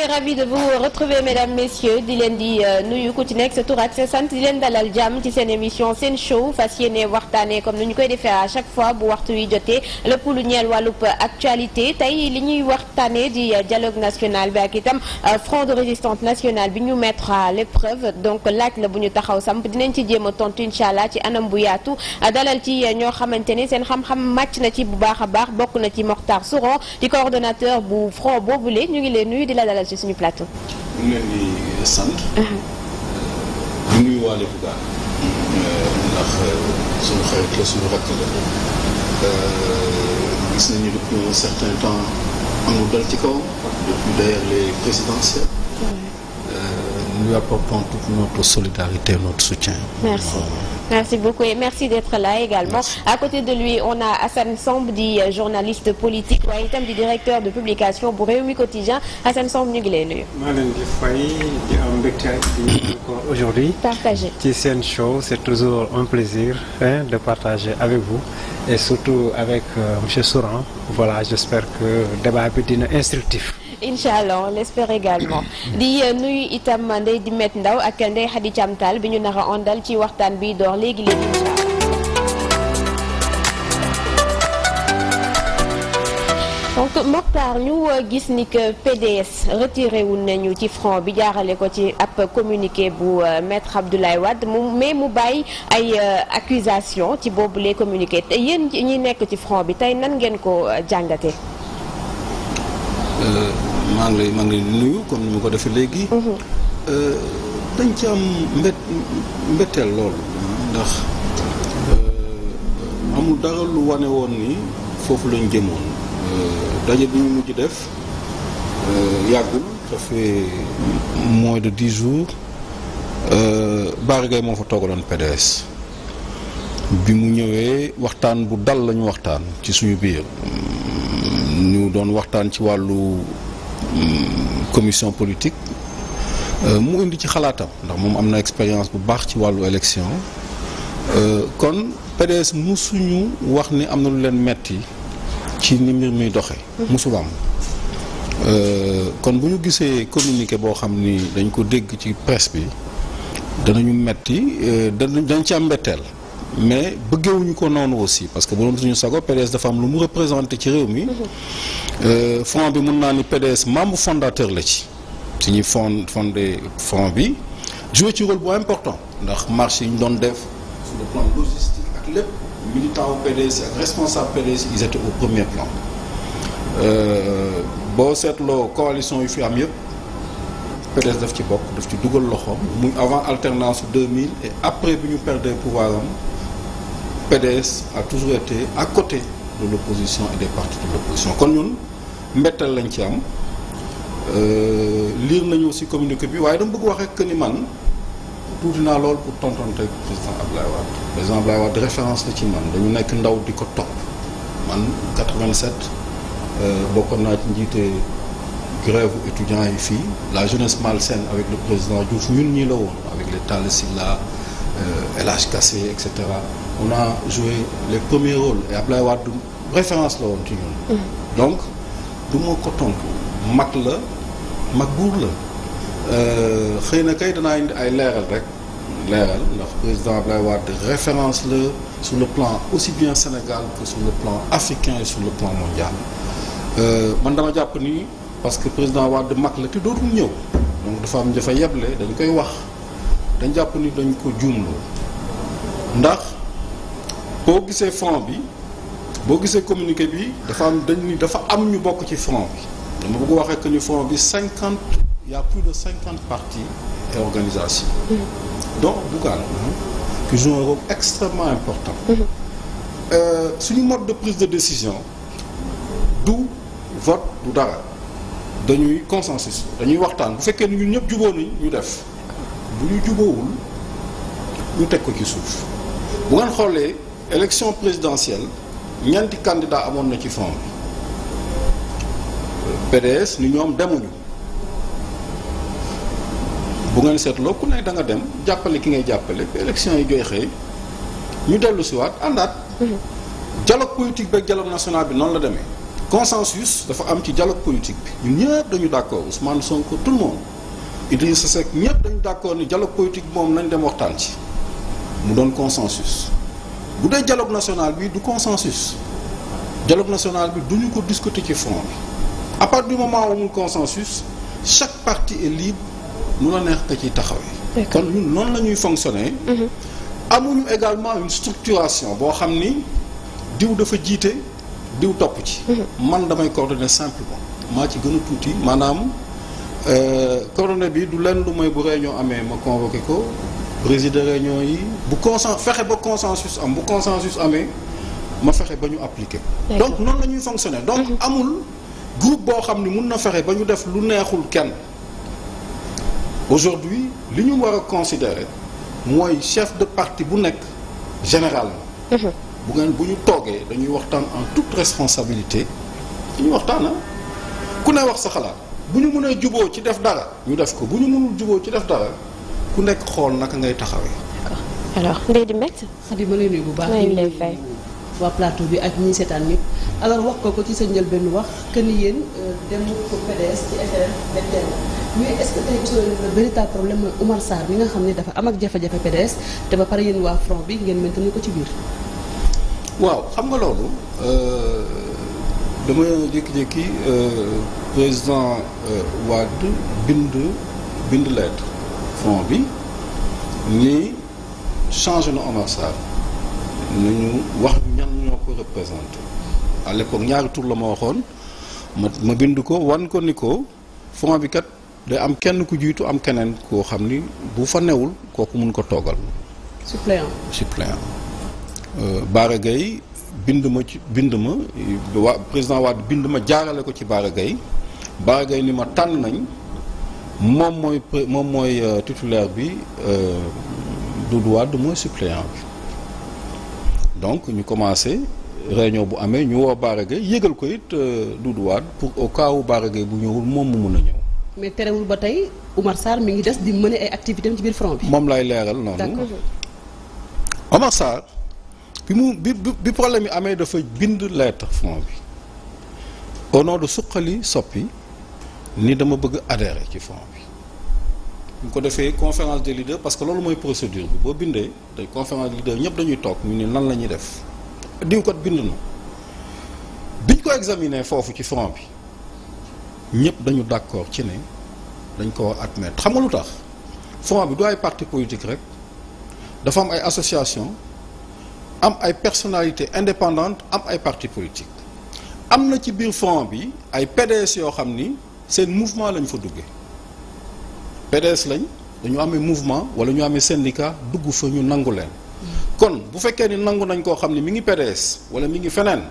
et ravi de vous retrouver mesdames messieurs di leen di euh, nuyu ku ci nekk sa tur di leen dalal jàmm ci seen émission seen show fas yéene waxtaanee comme ni ñu koy defee à chaque fois bu waxtu wi jotee lépp lu ñeel wàllub actualité tey li ñuy waxtaanee di euh, dialogue national bi ak itam euh, front de résistance nationale bi ñu mettre à l'épreuve donc laaj la bu ñu taxaw samp dinañ ci jéem a tontu incha allah ci anam bu yaatu dalal ci ñoo xamante ni seen xam-xam màcc na ci bu baax baax bokk na ci Mokhtar Souron di bu ñu ngi leen dalal suñu plateau. ñu ngi di sant. ñu uh-huh. ngi waale bu baax. ndax uh, suñu xarit suñu rakk la. Uh, gis nañu depuis un certain temps amul dal ci kaw depuis d'ailleurs les présidentielles. Euh, nous lui apportons notre solidarité notre soutien. merci. Euh, Merci beaucoup merci d'être là également. Merci. À côté de lui, on a Hassan Samb di journaliste politique waaye itam di directeur de publication bu Rewmi Quotidien Hassan Samb ñu ngi lay nuyu. maa leen di fay di aujourd'hui partagé show c'est toujours un plaisir de partager avec vous et surtout avec euh, monsieur Souran voilà j'espère que débat bi dina instructif. incha allah on l'espère également di euh, nuyu itam ndey di ndaw ak ndey xadi camtaal bi ñu nar a ondal ci waxtaan biy door léegi léegi incha allah ñu euh, gis ni que PDS retiré nañu ci front bi jaarale ko ci ab communiqué bu euh, maître Abdoulaye Wade mu mais mu bàyyi ay accusation ci boobu les communiqué te yéen ñi nekk ci front bi tey nan ngeen ko jàngate maa ngi maa ngi lay kon ni mu ko defee léegi. Mhm. Euh, dañ ci am mbet mbetteel lool. ndax euh, amul dara lu wane woon ni foofu lañ jëmoon. Euh, daje bi ñu mujj def yàggul. ça fait de dix jour Bara Gaye moo fa toogaloon PDS. bi mu ñëwee waxtaan bu dal la ñu waxtaan ci suñu biir. ñu doon waxtaan ci wàllu. commission politique euh, mu indi ci xalaatam ndax moom am na expérience bu baax ci wàllu élection euh, kon PDS ñu wax ni am na lu leen metti ci ni mbir muy doxe mhm. musul am euh, kon bu ñu gisee communiqué boo xam ni dañ ko dégg ci presse bi danañu metti dañ ci am mbetteel mais bëggewuñu ko noonu aussi parce que bu doon suñu sago PDS dafa am lu mu représenté ci réew mi mhm. euh, front bi mun naa ni PDS membre fondateur la ci suñuy fond fondé front bi joué ci rôle bu important ndax marché yu ñu doon def sur le plan logistique ak lépp militant PDS ak responsable PDS ils étaient au premier plan euh, boo seetloo coalition yu fi am yëpp PDS daf ci bokk daf ci dugal loxo muy avant alternance 2000 et après bi ñu perdre pouvoir PDS a toujours été ak côté de l'opposition et des partis de l'opposition kon ñun mbettal lañ ci am euh, lire nañu aussi communiqué bi waaye dama bëgg wax rek ni man tuuti naa lool pour tontonte ak président Ablaye Wade président Ablaye Wade référence la ci man dañu nekk ndaw di ko topp man 87 euh, bokkoon naa ci njiite grève étudiants yi fii la jeunesse malsaine avec le président Diouf ñun ñii la woon avec les Talla Sylla El euh, Hadj Kassé et cetera on a joué les premiers rôles et Ablaye Wade référence la woon ci ñun. Mm-hmm. donc du ma ko tontu mag la mag buur la euh, xëy na kay danaa indi ay leeral rek leeral ndax président Ablaye Wade référence la sur le plan aussi bien Sénégal que sur le plan africain et sur le plan mondial euh, man dama jàpp ni parce que président Wade mag la te dootul ñëw donc dafa am dafa yeble dañ koy wax. dañ jàpp ni dañ ko juumloo ndax boo gisee front bi boo gisee communiqué bi dafa am dañ ni dafa am ñu bokk ci front bi dama bëgg waxee que ni front bi cinquante y a plus de cinquante partis et organisations mm-hmm. donc Bougane mm-hmm. qui joue un rôle extrêmement important mm-hmm. euh, suñu mode de prise de décision du vote du dara dañuy consensus dañuy waxtaan bu fekkee ni ñun ñëpp jubóo nañ ñu def bu ñu jubóowul ñu teg ko ci suuf bu ngeen xoolee élection présidentielle ñenti candidat amoon na ci fond bi PDS ni ñoom demuñu bu ngeen seetloo ku ne da nga dem jàppale ki ngay jàppale ba élection yi joxe ñu dellu si waat àndaat mhm. dialogue politique beeg dialogue national bi noonu la demee consensus dafa am ci dialogue politique bi ñun ñëpp dañu d'accord Ousmane sonk tout le monde Idrissa Seck ñëpp dañu d'accord ni dialogue politique moom nañ dem waxtaan ci mu doon consensus bu dee dialogue national bi du consensus dialogue national bi duñu ko discuter ci front bi à partir du moment où amul consensus chaque parti est libre nu la la ñuy fonctionner. Mhm. amuñu également une structuration boo xam ni diw dafa jiite diw topp ci. Mhm. man damay coordonner simplement maa ci gën a tuuti maanaam. Euh, corona bi du lenn lu mooy bu réunion amee ma convoqué ko présider réunion yi bu consent fexe ba consensus am bu consensus amee ma fexe ba ñu appliqué donc noonu la ñuy fonctionner donc mhm. amul groupe boo xam ni mun na fexe ba ñu def lu neexul kenn aujourd'hui li ñu war a considérer mooy chef de partie bu nekk général mhm. bu ngeen bu ñu toogee dañuy waxtaan en toute responsabilité dañuy waxtaan ah. ku ne wax sa xalaat bu ñu mënee juboo ci def dara ñu def ko bu ñu mënul juboo ci def dara ku nekk xool naka ngay taxawee. d'accord di Mbette. Khady ma lay nuyu bu baax. ñu lay fay waa plateau bi ak ñi seetaan ñëpp. alors wax ko ko ci sa njëlbéenu wax que yéen euh, dem ko problème mooy Oumar Sarr nga xam ne dafa am ak jafe te ba pare yéen waa front bi ngeen maintenu ko ci biir. xam nga loolu euh, dama jékki-jékki. Euh, président euh, Wade bind bind lettre front bi ni changé na Omar Sarr nañu wax ñan ñoo ko représenté à l'époque ñaari tur la ma waxoon ma ma bind ko wan ko ni ko front bi kat day am kenn ku jiitu am keneen koo xam ni bu fa newul kooku mun ko toogal suppléant suppléant euh, Bara bind ma ci bind ma waa président Wade bind ma jaarale ko ci Bara Gaye Bara ni ma tànn nañ moom mooy moom mooy euh, titulaire bi euh, Doudou Wade mooy suppléant bi donc ñu commencé réunion bu amee ñu woo Bara Gaye yëgal ko it euh, Doudou Wade pour au cas où Bara bu ñëwul moom mu mun a ñëw. mais terewul ba tey Omar Sarr mi ngi des di mener ay activités ci biir front bi. moom lay leeral noonu. Omar bi mu bi bi problème yi amee dafa bind lettre front bi au nom de suqali soppi ni dama bëgg adhérer ci front bi bu ko defee conférence des leaders parce que loolu mooy procédure bi boo bindee day conférence des leaders ñëpp dañuy toog ñu ni nan la ñuy def diw kat bind na biñ ko examiner foofu ci front bi ñëpp dañu d'accord ci ne dañ ko war admettre xam nga lu tax front bi du ay parti politique rek dafa am ay association am ay personnalités indépendante am ay partis politiques am na ci biir front bi ay PDS yoo xam ni seen mouvement lañ fa duggee PDS lañ dañu amee mouvement wala ñu amee syndicat dugg fa ñu nangu leen kon bu fekkee ni nangu nañ koo xam ni mi ngi PDS wala mi ngi feneen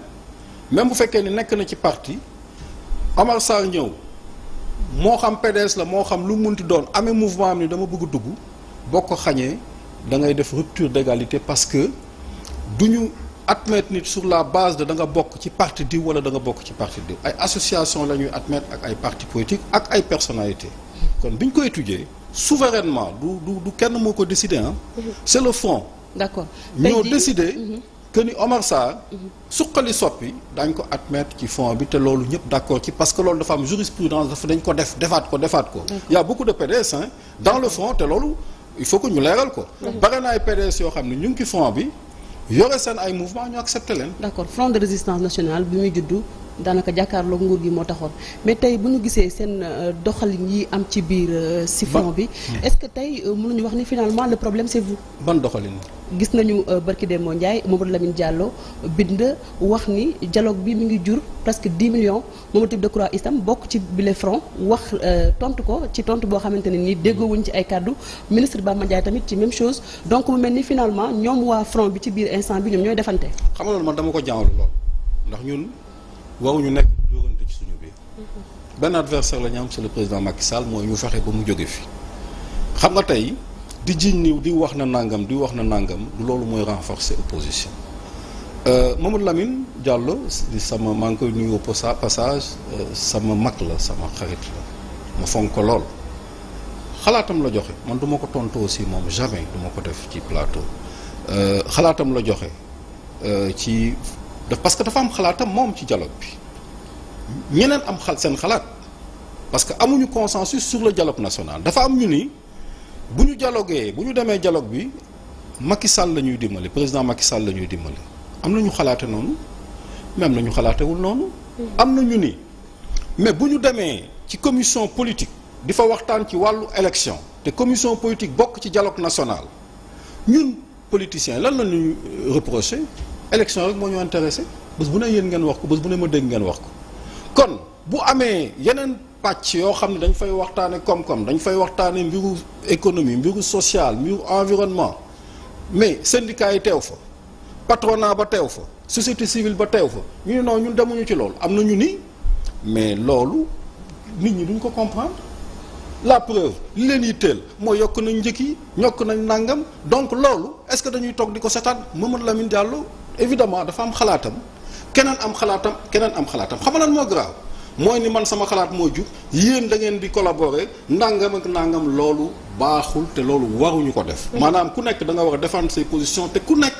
même bu fekkee ni nekk na ci parti Amar Sarr ñëw moo xam PDS la moo xam lu mun ti doon amee mouvement am ni dama bëgg dugg boo ko xañee da ngay def rupture d'égalité parce que du ñu admettre nit sur la base de da nga bokk ci parti diw wala da nga bokk ci parti diw ay association la ñuy admettre ak ay parti politique ak ay personalité kon bi ñu koy étudier souverainement du du du kenn moo ko décider ah c'est le front d'accord ñoo décider mm-hmm. que ni Omar Sarr mm-hmm. suqali soppi dañ ko admettre ci fond bi te loolu ñëpp d'accord ci parce que loolu dafa am jurisprudence dafa dañ ko def defaat ko defaat ko y a beaucoup de PDS hein dans le front te loolu il ñu leeral ko bare na ay PDS yoo xam ne ñu ngi ci front bi yore seen ay mouvement ñu accepté leen. d' accord front de résistance nationale bi muy juddu daanaka jàkkaarloog nguur gi moo taxoon mais tey bu ñu gisee seen euh, doxalin yi am ci biir euh, si fond bi hmm. est-ce que tey euh, mënuñu wax ni finalement le problème c'est vous ban doxalin gis nañu barki moom Ndiaye Mamadou Lamine jàlloo bind wax ni dialogue bi mu ngi jur presque 10 millions Mamadou de Decroix itam bokk ci bile front wax tontu ko ci tontu boo xamante ne nii déggoowuñ ci ay kàddu ministre Bamba Ndiaye tamit ci même chose donc mu mel ni finalement ñoom waa front bi ci biir bi ñoom ñooy defante xam nga loolu man dama ko jaawalu lool ndax ñun waruñu nekk dóorante ci suñu biir benn adversaire la ñu am c'est le président Macky Sall mooy ñu fexe ba mu jóge fi xam nga tey di jiñ niw di wax na nangam di wax na nangam loolu mooy renforcer opposition euh, Mamadou Lamine Diallo di sama maa ngi koy nuyu au passage euh, sama mag la sama xarit la ma fonk lool xalaatam la joxe man du ma ko tontu aussi moom jamais du ma ko def ci plateau euh, xalaatam la joxe ci daf parce que dafa am xalaatam moom ci jaloog bi ñeneen am xal seen xalaat parce que amuñu consensus sur le dialogue national dafa am ñu ni bu ñu dialogué bu ñu demee dialogue bi Macky Sall la ñuy dimbali président Macky Sall la ñuy dimbali am na ñu xalaate noonu mais am na ñu xalaatewul noonu. am na ñu ni mais bu ñu demee ci commission politique di fa waxtaan ci wàllu élection te commission politique bokk ci jaloog national ñun politiciens lan la ñuy reprocher élection rek moo ñu intéressé bés bu ne yéen ngeen wax ko bés bu ne ma dégg ngeen wax ko kon bu amee yeneen pàcc yoo xam ne dañ fay waxtaane koom-koom dañ fay waxtaane mbiru économie mbiru social mbiru environnement mais syndicat yi teew fa patronat ba teew fa société civile ba teew fa ñu ne non ñun demuñu ci loolu am na ñu ni mais loolu nit ñi duñ ko comprendre la preuve li leen yitteel mooy yokk nañ njëkki ñokk nañ nàngam donc loolu est-ce que dañuy toog di ko setaan Mamadou Lamine Diallo évidemment dafa am xalaatam keneen am xalaatam keneen am xalaatam xam lan moo garaaw mooy ni man sama xalaat moo jub yéen dangeen ngeen di collaborer ndàngam ak ndàngam loolu baaxul te loolu waruñu ko def. maanaam ku nekk da nga war a défendre ses te ku nekk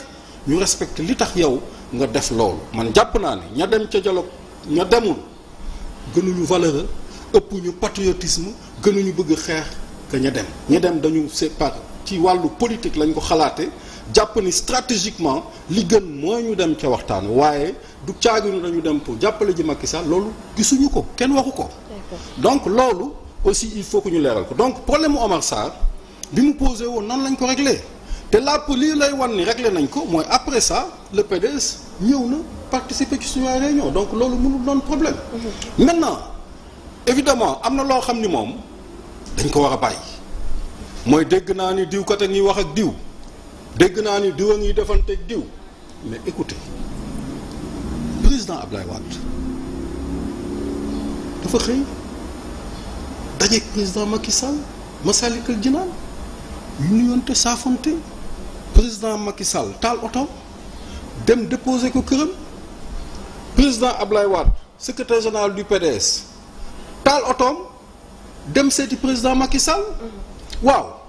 ñu respecter li tax yow nga def loolu. man jàpp naa ne ña dem ca jaloo ña demul gënuñu valeur ëpp ñu patriotisme gënuñu bëgg xeex que ña dem. ña dem dañu c'est ci wàllu politique lañ ko xalaatee. jàpp ni stratégiquement li gën mooy ñu dem ca waxtaan waaye du caaginu dañu dem pour jàppale ji Macky Sall loolu gisuñu ko kenn waxu ko donc loolu aussi il faut que ñu leeral ko donc problème mu Omar Sarr bi mu posé woon nan lañ ko réglé te làpp lii lay wan ni réglé nañ ko mooy après ça le PDS ñëw na participer ci suñu ñoo donc loolu mënul doon problème mm-hmm. maintenant évidemment am na loo xam ni moom dañ ko war a bàyyi mooy dégg naa ni diw kat a wax ak diw dégg naa ni diw a ngi defante diw mais écoutez président Ablaye Wade dafa xëy dajeeg président Macky Sall Massalikul Jinaan ñu nuyoonte saafonte président Macky Sall taal oto dem déposé ko këram président Ablaye Wade secrétaire général du PDS taal otoom dem seeti président Macky Sall mm-hmm. waaw.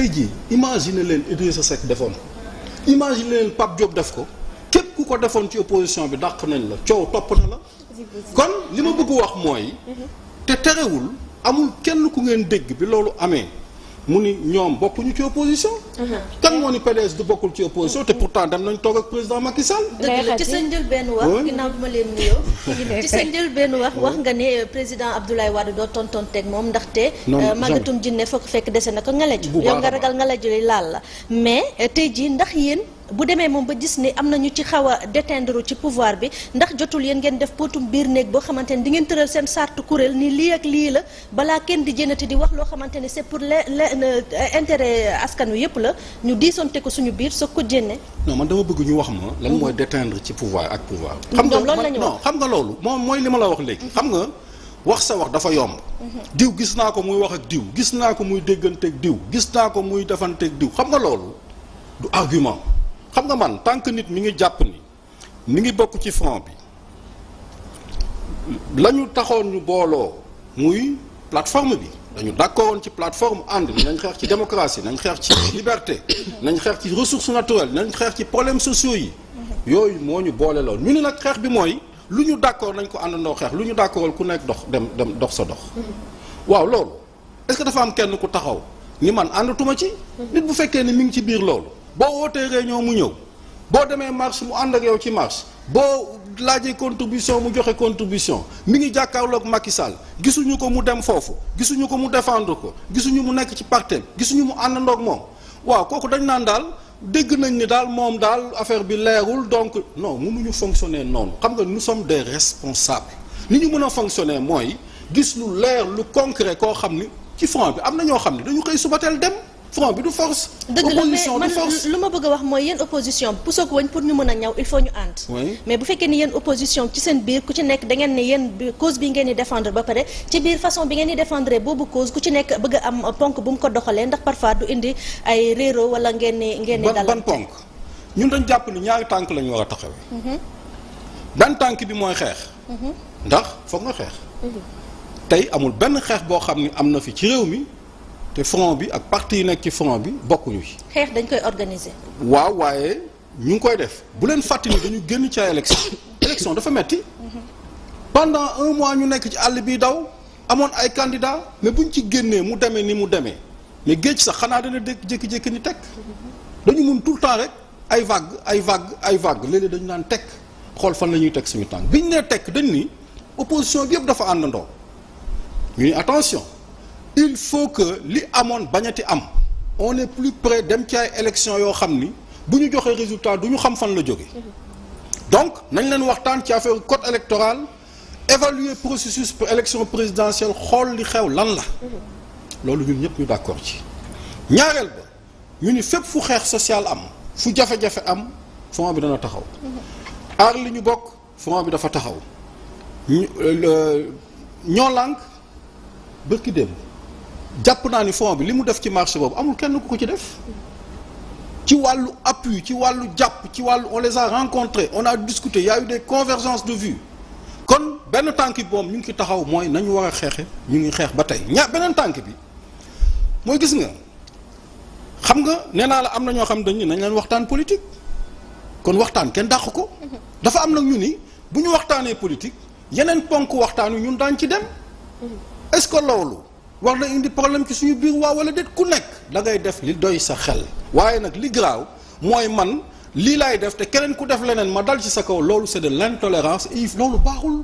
tey jii imagine leen Idrissa Seck defoon ko imagine leen Pape Diop def ko képp ku ko defoon ci opposition bi dàq nañ la coow topp na la kon li ma bëgg wax mooy te terewul amul kenn ku ngeen dégg bi loolu amee mu ni ñoom bokkuñu ci opposition. Uh-huh. kan moo ni PDS du bokkul ci opposition te pourtant dem nañ toog ak président Macky Sall. dëgg la ci sa njëlbeen wax. ginnaaw bi ma leen nuyoo. ci sa njëlbeen wax wax nga ne euh, président Abdoulaye Wade doo tontonteeg moom ndaxte. non euh, màggatum foo fokk fekk dese na ko ngalaju yow nga ragal ngalaju li laal la mais euh, tey jii ndax yéen. bu demee moom ba gis ni am na ñu ci xaw a déteindre ci pouvoir bi ndax jotul yéen ngeen def potum biir néeg boo xamante ni di ngeen tëral seen sartu kuréel ni lii ak lii la balaa kenn di te di wax loo xamante ni c'est pour l'intérêt euh, askan wi yëpp la ñu diisonte ko suñu biir soog ko jénne non man dama bëgg ñu wax ma lan mooy mhm. déteindre ci pouvoir ak pouvoir mhm. xam nga non xam nga loolu moom mooy li ma la wax léegi mhm. xam nga wax sa wax dafa yomb diw gis naa ko muy wax ak diw gis naa ko muy dégganteeg diw gis naa ko muy defanteeg diw xam nga loolu du argument xam nga man tant que nit mu ngi jàpp ni mi ngi bokk ci front bi la ñu taxoon ñu booloo muy plateforme bi dañu d'accord woon ci plateforme ànd nañ xeex ci démocratie nañ xeex ci liberté nañ xeex ci ressources naturelles nañ xeex ci problèmes sociaux yi yooyu moo ñu boole ñu ni nag xeex bi mooy lu ñu d'accord nañ ko àndandoo xeex lu ñu d'accordal ku nekk dox dem dem dox sa dox waaw loolu est-ce que dafa am kenn ku taxaw ni man àndatuma ci nit bu fekkee ni mi ngi ci biir loolu boo wootee réunion mu ñëw boo demee marche mu ànd ak yow ci marche boo laajee contribution mu joxe contribution mi ngi jàkkaarloog Macky Sall gisuñu ko mu dem foofu gisuñu ko mu défendre ko gisuñu mu nekk ci parteem gisuñu mu ànd àndandoog moom waaw kooku dañu naan daal dégg nañ ni daal moom daal affaire bi leerul donc non mënuñu fonctionner noonu xam nga nous sommes des responsables ni ñu mën a fonctionner mooy gis lu leer lu concret koo xam ni ci front bi am na ñoo xam ne dañu xëy suba teel dem. front bi du force. opposition du force dëgg lu ma bëgg a wax mooy yéen opposition puso ko pour ñu mën a ñaw il faut ñu ànd. mais bu fekkee ni yéen opposition ci seen biir ku ci nekk da ngeen ne yéen cause bi ngeen di défendre ba pare ci biir façon bi ngeen di défendre boobu cause ku ci nekk bëgg a am ponk bu mu ko doxalee ndax parfois du indi ay réero wala ngeen ni ngeen ni. dal ban ponk ñun dañ jàpp ni ñaari tànk la ñu war a taxawee. Mhm. ban tànk bi mooy xeex. Mhm. ndax foog nga xeex. Mhm. tey amul benn xeex boo xam ni am na fi ci réew mi te front bi ak partie yi nekk ci front bi bokkuñu ci. dañ koy organiser. waaw waaye ñu ngi koy def bu leen fàttali dañu génn ci ay élection dafa metti pendant un mois ñu nekk ci àll bi daw amoon ay candidats bu buñ ci génnee mu demee ni mu demee mais géej sax xanaa dana dëkk jékki ni tekk dañu mun tout le rek ay vague ay vague ay vague léeg-léeg dañu naan tekk xool fan la ñuy teg suñu tànk ñu nee tekk dañ ni opposition bi yëpp dafa àndandoo ñu ni attention. il faut que li amoon bañati am on est plus près dem ci ay élection yoo xam ni bu ñu joxee résultat du ñu xam fan la jóge donc nañ leen waxtaan ci affaire code électoral évaluer processus pour élection présidentielle xool li xew lan la loolu ñun ñëpp ñu d'accord ci ñaareel ba ñu ni fépp fu xeex social am fu jafe-jafe am front bi dana taxaw aar li ñu bokk front bi dafa taxaw euh, ñoo lànk bërki démb jàpp naa ni fond bi li mu def ci marché boobu amul kenn ku ko ci def ci wàllu appui ci wàllu jàpp ci wàllu on les a rencontrés on a discuté il y a eu de vues kon benn tànk bi moom ñu ngi ci taxaw mooy nañu war a xeexe ñu ngi xeex ba tey ña beneen tànk bi mooy gis nga xam nga nee naa la am na ñoo xam dañ nañ leen waxtaan politique kon waxtaan kenn dàq ko dafa am nag ñu ni bu ñu waxtaanee politique yeneen ponk waxtaan wi ñun daañ ci dem est-ce que loolu war na indi problème ci suñu biir waaw wala déet ku nekk dangay def li doy sa xel waaye nag li garaaw mooy man lii laay def te keneen ku def leneen ma dal ci sa kaw loolu c'est de l'intolérance et loolu baaxul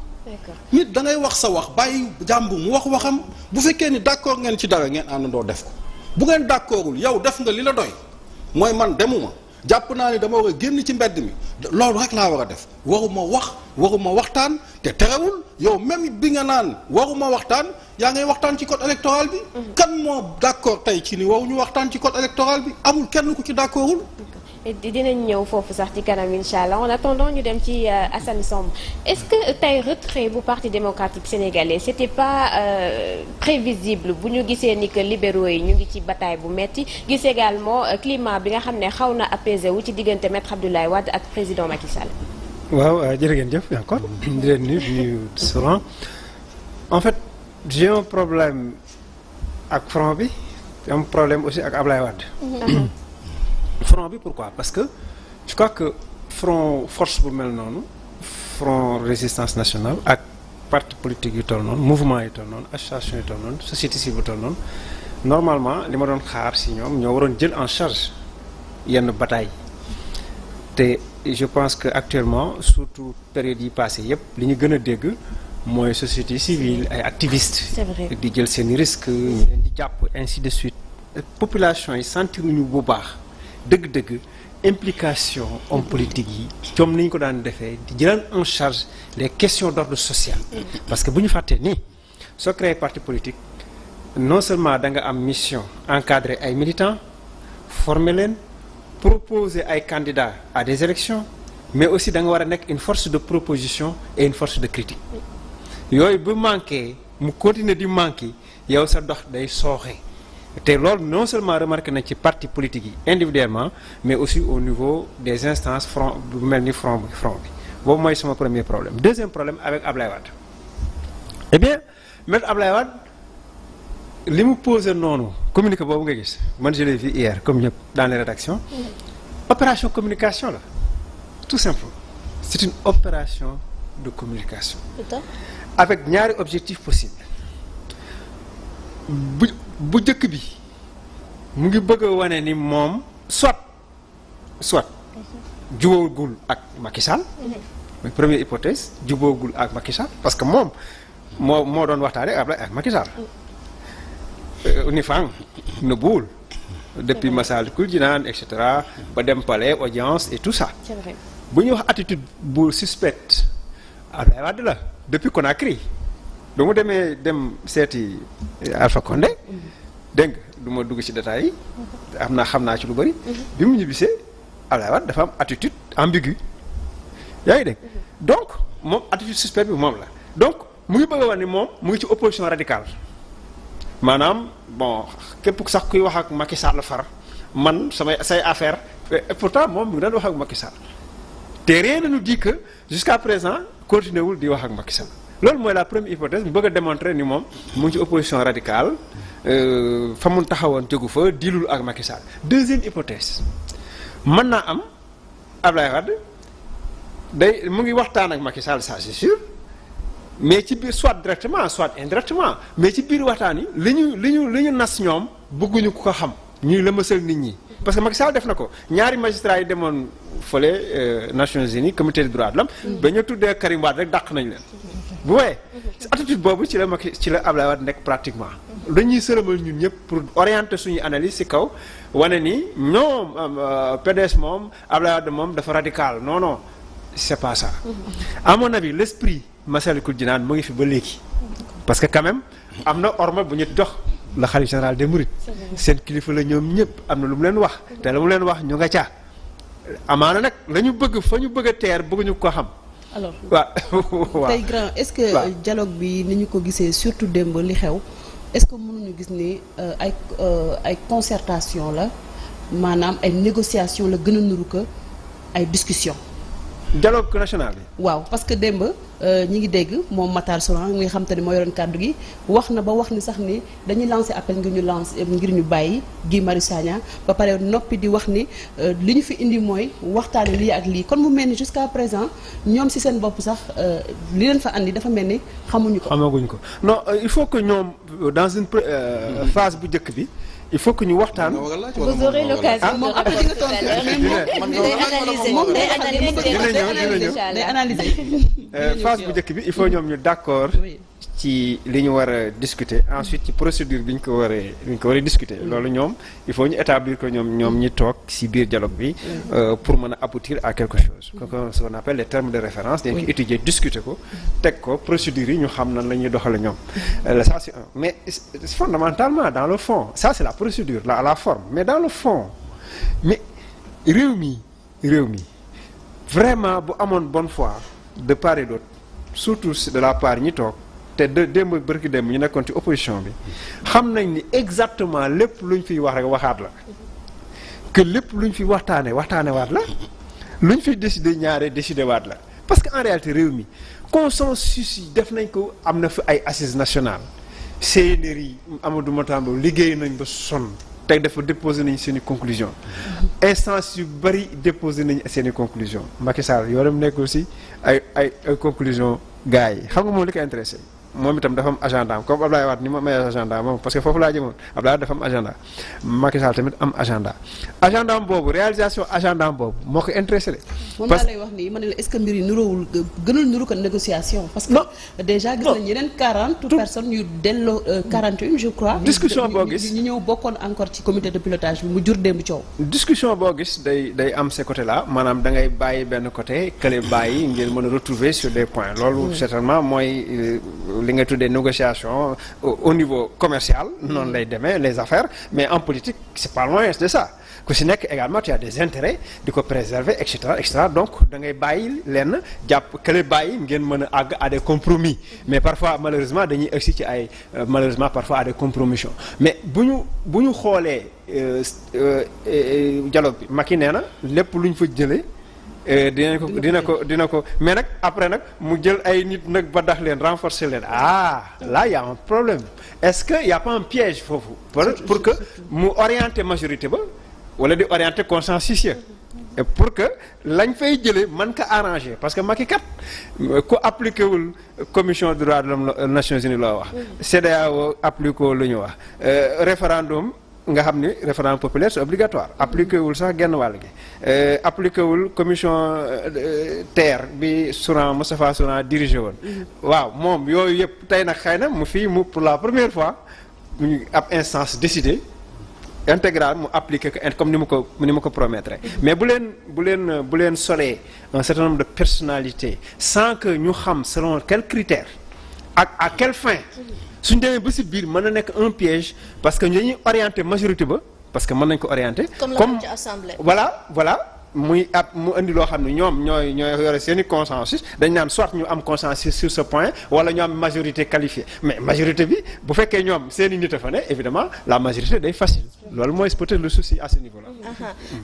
nit da ngay wax sa wax bàyyi jàmbur mu wax waxam bu fekkee ni d'accord ngeen ci dara ngeen àndandoo def ko bu ngeen d'accordul yow def nga li la doy mooy man demuma jàpp naa ne dama war a génn ci mbedd mi loolu rek laa war a def waruma wax waruma waxtaan te terewul yow même bi nga naan waruma waxtaan yaa ngay waxtaan ci code électoral bi. Mm-hmm. kan moo d'accord tey ci ni waruñu waxtaan ci code électoral bi amul kenn ku ci d'accordul. dinañ ñëw foofu sax ci kanam incha allah en attendant ñu dem ci euh, Assane Samb est-ce que tey retrait bu parti démocratique sénégalais c'était pas euh, prévisible bu ñu gisee ni que libéraux yi ñu ngi ci bataay bu metti gis également euh, climat bi nga xam ne xaw na apaisé wu ci diggante maître Abdoulaye Wade ak président Macky Sall. waaw jërëjëf encore di leen nuyu di nuyu souvent en fait j'ai un problème ak front bi am problème aussi ak Ablaye Wade. Mhm. front bi pourquoi parce que je crois que front force bu mel noonu front résistance nationale ak parti politique yu toll noonu mouvement yu toll noonu association yu toll noonu société civile bu toll noonu normalement li ma doon xaar si ñoom ñoo waroon jël en charge yenn bataille te je pense que actuellement surtout période yi passé yëpp li ñu gën a dégg mooy société civile ay activistes di jël seen risque ñu leen di jàpp ainsi de suite population yi sentiruñu bu baax dëgg-dëgg implication homme politique yi comme ni ñu ko daan defee di jëlaan en des les questions d'ordre social parce que bu ñu fàttee nii soo créé parti politique non seulement da nga am mission encadrer ay militants former leen proposer ay candidats à des élections mais aussi da nga war a nekk une force de proposition et une force de critique yooyu bu manqué mu continuer di manqué yow sa dox day sooxee te loolu non seulement remarqué na ci parti politique yi individuellement mais aussi au niveau des instances front bu mel ni front bi front bi boobu mooy sama premier problème deuxième problème avec Ablaye Wade eh bien maître Ablaye li mu posé noonu communiqué boobu nga gis man je l'ai vu hier comme ñëpp dans les rédactions mm. opération communication la tout simplement c'est une opération de communication avec ñaari objectif possibles bu jëkk bi mu ngi bëgg a wane ni moom soit soit jubóogul ak Macky Sall mooy mm-hmm. première hypothèse ak Macky parce que moom moo moo doon waxtaane Ablaye ak Macky Sall mm-hmm. euh, ni fang na buul depuis Massalikul Jinaan et cetera ba dem pale audience et tout ça bu ñuy wax attitude bu suspecte Ablaye Wade la depuis Conakry ba mu demee dem seeti eh, Alpha Condé dégg nga du ma dugg ci détails yi am naa xam naa ci lu bëri bi mu ñibbisee Abdoulaye Wade dafa am attitude ambiguë yaa ngi dégg donc moom attitude suspecte bi moom la donc mu ngi bëgg a wax ni moom mu ngi ci opposition radical maanaam bon képp sax kuy wax ak Macky Sall far man samay say affaire et eh, pourtant moom mu ngi daan wax ak Macky Sall te rien ne nous dit que jusqu'à présent continué wul di wax ak Macky Sall loolu mooy la première hypothèse mu bëgg a démontrer ni moom mu ngi ci opposition radicale euh, fa mu taxawoon jegu fa diilul ak Macky Sall deuxième hypothèse mën naa am Ablaye Wade day mu ngi waxtaan ak Macky Sall ça c'est mais ci biir soit directement soit indirectement mais ci biir waxtaan yi li ñu li ñu li ñu nas ñoom bëgguñu ko xam ñuy lëmasal nit ñi. parce que Macky Sall def na ko ñaari magistrats yi demoon fële euh, Nations Unies comité des droits de l'homme mm. ba ñu tuddee Karim rek dàq nañ leen. bu wooyee mm-hmm. attitude boobu ci la Macky ci la Ablaye Wade nekk pratiquement. dañuy sërëmal ñun ñëpp pour orienter suñu analyse ci kaw wane ni ñoom euh, PDS moom Ablaye Wade moom dafa radical non non c'est pas ça. Mm-hmm. à mon avis l'esprit Massalikul Jinaan mu ngi fi ba léegi. Mm-hmm. parce que quand même am na orma bu ñu dox. la xalif général des mourides seen kilifa la ñoom ñëpp am na lu mu leen wax te lu mu leen wax ñu nga ca amaana nag lañu bëgg fa ñu bëgg a teer bëgguñu ko xam alors waa tey grand est-ce que euh, dialogue bi ni ñu ko gisee surtout démb li xew est-ce que mënuñu gis ni euh, ay euh, ay concertation la maanaam ay négociation la gën a nuru ko ay discussion jaloo national bi. waaw parce que démb euh, ñi ngi dégg moom Matar Souran mi nga xam te ne moo yoroon kàddu gi wax na ba wax ni sax ni dañuy lancé appel ngir ñu lancé ngir ñu bàyyi Guy Marius ba pare noppi di wax ni euh, li ñu fi indi mooy waxtaane lii ak lii kon mu mel ni jusqu'à présent ñoom si seen bopp sax euh, li leen fa andi dafa mel ni xamuñu ko. xamaguñ ko non il faut que ñoom dans une mm-hmm. phase bu njëkk bi. i faut ñu waxtaan. vous aurez l'occasion de ah, reporter. dina ñëw dina ñëw euh, phase bu njëkk bi il faut ñoom ñu d'accord. ci li ñu war a discuter ensuite ci procédure bi ñu ko waree bi ñu ko waree discuter mm-hmm. loolu ñoom il faut ñu établir que ñoom ñoom ñi toog si biir dialogue bi mm-hmm. euh, pour mën a aboutir à quelque chose donc mm-hmm. ce qu'on appelle les termes de référence dañ ko étudier discuter ko teg ko procédure yi ñu xam nan la ñuy doxale ñoom euh, ça c'est un mais fondamentalement dans le fond ça c'est la procédure la la forme mais dans le fond mais réew mi réew mi vraiment bu amoon bonne foi de part et d'autre surtout de la part ñi toog te de démb ak bërki dem ñu nekkoon ci opposition bi xam nañ ni exactement lépp lu ñu fiy wax rek waxaat la que lépp lu luñ fi waxtaane waxtaane waat la lu luñ fi décidé ñaare décidé waat la parce que en réalité réew mi consensus yi def nañ ko am na fi ay nationale nationales CNRI yi Amadou Matambo liggéey nañ ba sonn teg dafa déposé nañ seen i conclusion instance yu bëri déposé nañ seen i conclusion Macky Sall yoonam nekkul si ay ay conclusion gars yi xam nga moom li ko moom itam dafa am agenda comme Abdoulaye Wade ni ma mayee agenda moom parce que foofu laa jëmoon Abdoulaye dafa am agenda tamit am agenda agenda boobu réalisation agenda boobu moo ko intéressé de. moom laa lay wax nii ma ne la est-ce que mbir yi niroowul gënul niroo ko négociation. parce que déjà gis nañu yeneen 40 personnes yu delloo 41 euh, je crois. discussion boo gis ñu ñëw bokkoon encore ci comité de pilotage bi mu jur démb coow. discussion boo gis day day am ce côté là maanaam da ngay bàyyi benn côté kële bàyyi ngir mën a retrouver sur des points loolu hmm. certainement mooy. Euh, li nga tuddee négociation euh, au niveau commercial noonu lay demee les affaires mais en politique c'est pas loin de ça ku si nekk également tu as des intérêts di ko préserver et cetera et cetera donc da ngay bàyyi lenn jàpp kële bàyyi ngeen mën a àgg à des compromis mais parfois malheureusement dañuy agsi ci ay euh, malheureusement parfois à des compromissions mais bu ñu bu ñu xoolee euh, dialogue bi Macky nee na lépp lu ñu fa jëlee Eh, dina ko dina ko dina ko mais nag après nag mu jël ay nit nag ba dax leen renforcer leen ah là y un problème est-ce que y a pas un piège foofu pour que mu orienter majorité ba wala di orienter consensus et pour que lañ fay jëlee man ko arranger parce que Macky kat ku appliqué wul commission de droits de l'homme Nations Unies loo wax CEDEAO appliqué wul lu ñu wax euh, référendum nga xam ni référendum populaire c'est obligatoire appliqué wul sax genn wàll gi euh, appliqué wul commission euh, terre bi Souran Moustapha Souran dirigé woon mm-hmm. waaw moom yooyu yëpp tey nag xëy na mu fii mu pour la première fois ñu ab instance décidée intégral mu appliqué ko comme ni mu ko ni mu ko promettre mm-hmm. mais bu leen bu leen bu leen solee un certain nombre de personnalités sans que ñu xam selon quels critères ak à quelle fin su demee ba si biir mën na nekk un piège parce que dañuy orienté majorité ba parce que mën nañ ko orienté. comme, comme... Voilà, voilà muy ab mu indi loo xam ne ñoom ñooy ñooy yore seeni i consensus dañ naan soit ñu am consensus sur ce point wala ñu am majorité qualifiée mais majorité bi bu fekkee ñoom seen i nit a fa ne évidemment la majorité day facile loolu mooy peut-être le souci à ce niveau là.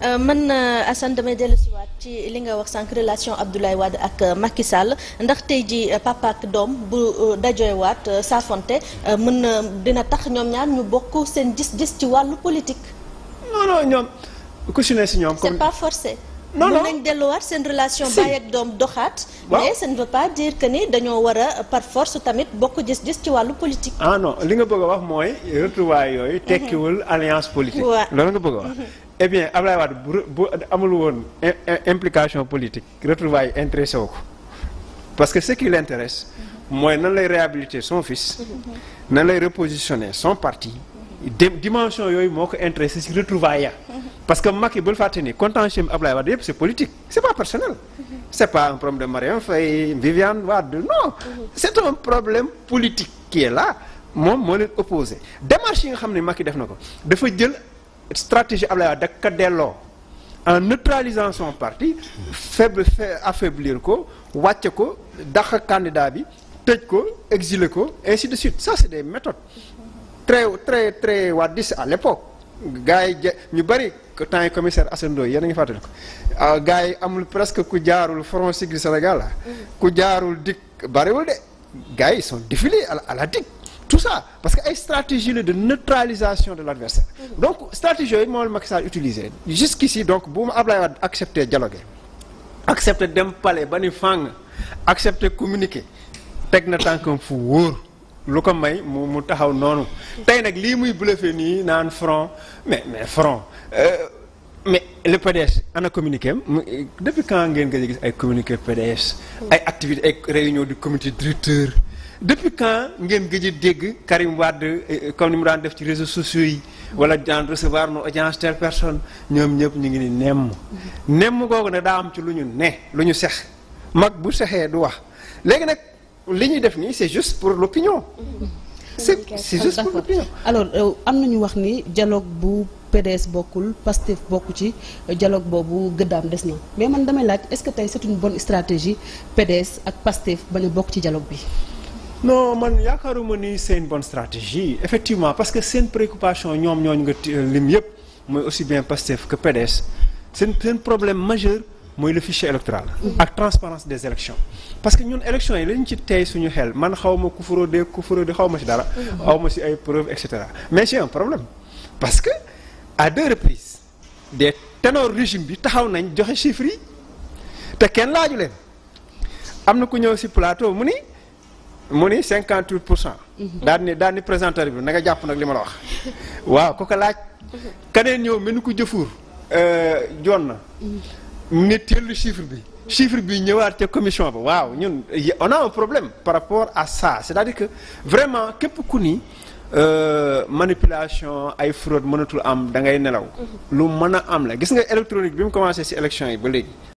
Euh, man euh, Assane damay waat ci li nga wax sànq relation Abdoulaye Wade ak euh, Macky Sall ndax tey ji papa ak doom bu dajoewaat saafonte mën na dina tax ñoom ñaar ñu bokk seen gis-gis ci wàllu politique. non ñoom. ku si si ñoom. comme c'est forcé. non non mën doom doxaat. mais ça ne veut pas dañoo war a par force tamit bokk gis-gis ci wàllu politique. ah li nga bëgg a wax mooy retrouvailles yooyu. Mhm. tekkiwul alliance politique. waaw loolu nga bëgg a wax. eh bien amul woon implication politique retrouvailles yi intéressé wu ko parce que ce qui l'intéresse mhm. mooy nan lay réhabiliter son fils. Mhm. nan lay repositionner son partie dem dimension yooyu moo ko intéressé si retrouvailles ya parce que Macky bul fàtte ni contentieux Ablaye Wade yëpp c'est politique c'est pas personnel c'est pas un problème de Marième Faye Viviane Wade non c'est un problème politique qui la moom moo leen opposé démarche yi nga xam ne yi def na ko dafa jël stratégie Ablaye Wade dak ka delloo en neutralisant son parti faible affaiblir ko wàcce ko dax candidat bi tëj ko exiler ko ainsi de suite sa c'est des méthodes très très très wadis à l'époque gars yi ñu bëri temps yi commissaire Assane Ndoye yéen a ngi fàttali ko ah, gars yi amul presque ku jaarul front Siggil Sénégal ah. mm-hmm. ku jaarul dik bëriwul de gars yi sont défilés à la à la dik tout ça parce que ay stratégie la de neutralisation de l'adversaire mm-hmm. donc stratégie yooyu moom la Macky Sall utilisé jusqu'ici donc bu ma Ablaye Wade accepté dialoguer accepté dem pale ba ni fang accepté communiqué teg na tànkam fu wóor lu ko may mu mu taxaw noonu tey nag lii muy bluffé nii naan front mais mais front euh, mais le PDS ana communiqué depuis quand ngeen gëj a gis ay communiqué PDS ay activités ay réunion du comité directeur depuis quand ngeen gëj a dégg Karim Wade euh, comme ni mu daan def ci réseaux sociaux yi wala daan recevoir nos audience telle personne ñoom ñëpp ñu ngi ni nemm nemm googu nag daa am ci lu ñu ne lu ñu sex mag bu sexee du wax léegi nag li ñuy def nii c'est juste pour l'opinion c'est c'est juste pour l'opinion alors euh, am na ñu wax ni jaloog bu PDS bokkul Pastef bokk ci euh, dialogue boobu gëddaam des na mais man damay laaj est-ce que tey c'est une bonne stratégie PDS ak Pastef bañ a bokk ci dialogue bi non man yaakaaruma ni c'est une bonne stratégie effectivement parce que seen préoccupation ñoom ñooñu nga lim yëpp mooy aussi bien Pastef que PDS seen seen problème majeur mooy le fichier électoral ak transparence des élections parce que ñun élections yi lañ ci tey suñu xel man xaw ma ku fraude ku fraude xaw ma si dara xaw ma si ay preuves et cetera mais c'est un problème parce que à deux reprises de tenor régime bi taxaw nañ joxe chiffres te kenn laaju leen am na ku ñëw si plateau mu ni mu ni cinquante huit pour cent daal ni daal ni présentateur bi na jàpp nag li ma la wax waaw ku ko laaj keneen ñëw mel ni ku jëfuur euh, joon na ñetteelu chiffre bi chiffre bi ñëwaat ca commission ba waaw ñun on a un problème par rapport a ça c'est-à-dire que vraiment képp ku ni euh, manipulation ay fraude mënatul am da ngay nelaw mhm. lu mën a am la gis nga électronique bi mu commencé ci élection yi ba léegi